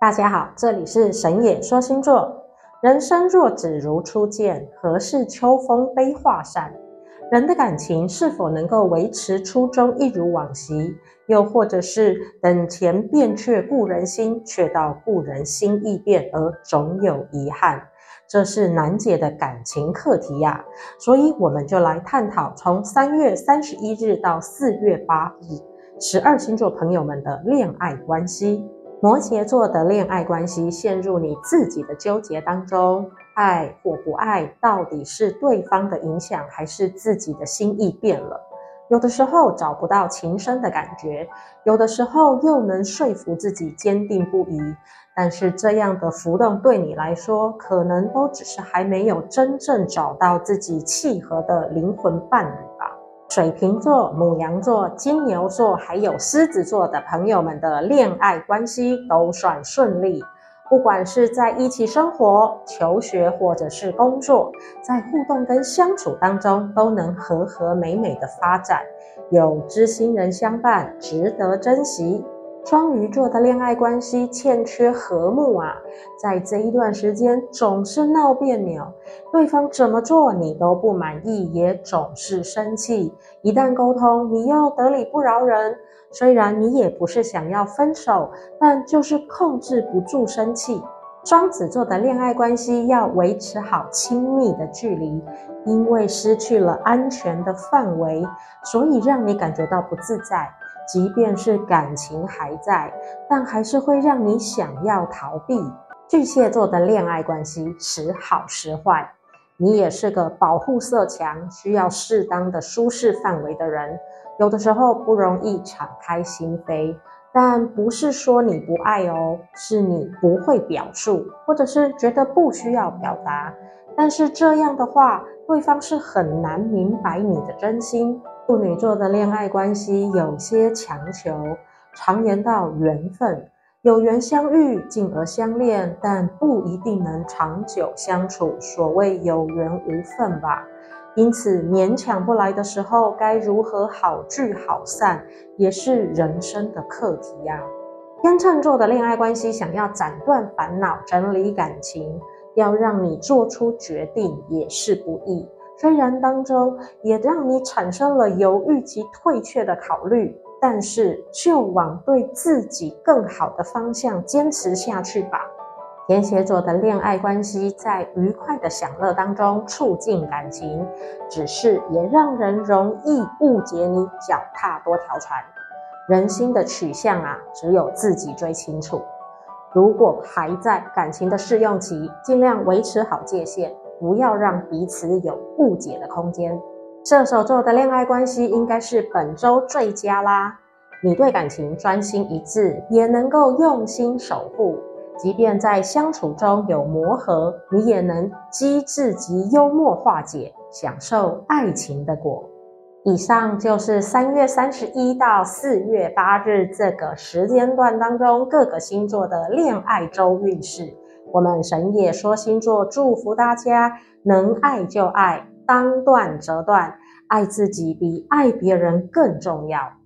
大家好，這裡是神野說星座。人生若只如初見，何事秋風悲畫扇？人的感情是否能夠維持初衷一如往昔？又或者是等閒變卻故人心，卻道故人心易變而總有遺憾？這是難解的感情課題呀、啊。所以，我們就來探討從三月三十一日到四月八日，十二星座朋友們的戀愛關係。摩羯座的戀愛關係陷入你自己的糾結當中，愛或不愛，到底是對方的影響，還是自己的心意變了？有的時候找不到情深的感覺，有的時候又能說服自己堅定不移。但是這樣的浮動對你來說，可能都只是還沒有真正找到自己契合的靈魂伴侶。水瓶座、牡羊座、金牛座，還有獅子座的朋友們的戀愛關係都算順利，不管是在一起生活、求學或者是工作，在互動跟相處當中，都能和和美美的發展，有知心人相伴，值得珍惜。雙魚座的戀愛關係欠缺和睦啊，在這一段時間總是鬧彆扭，對方怎麼做你都不滿意，也總是生氣。一旦溝通，你要得理不饒人。雖然你也不是想要分手，但就是控制不住生氣。雙子座的戀愛關係要維持好親密的距離，因為失去了安全的範圍，所以讓你感覺到不自在。即便是感情還在，但還是會讓你想要逃避。巨蟹座的戀愛關係時好時壞，你也是個保護色強、需要適當的舒適範圍的人，有的時候不容易敞開心扉。但不是說你不愛哦，是你不會表述，或者是覺得不需要表達。但是這樣的話，對方是很難明白你的真心。處女座的戀愛關係有些強求，常言道緣分，有緣相遇進而相戀，但不一定能長久相處。所謂有緣無分吧。因此勉強不來的時候，該如何好聚好散，也是人生的課題呀、啊。天秤座的戀愛關係，想要斬斷煩惱、整理感情，要讓你做出決定也是不易。雖然當中也讓你產生了猶豫及退卻的考慮，但是就往對自己更好的方向堅持下去吧。天蠍座的戀愛關係在愉快的享樂當中促進感情，只是也讓人容易誤解你腳踏多條船。人心的取向啊，只有自己最清楚。如果還在感情的試用期，盡量維持好界限。不要讓彼此有誤解的空間。射手座的戀愛關係應該是本周最佳啦！你對感情專心一致，也能夠用心守護。即便在相處中有磨合，你也能機智及幽默化解，享受愛情的果。以上就是三月三十一到四月八日這個時間段當中各個星座的戀愛周運勢。我們神野說星座祝福大家，能愛就愛，當斷則斷，愛自己比愛別人更重要。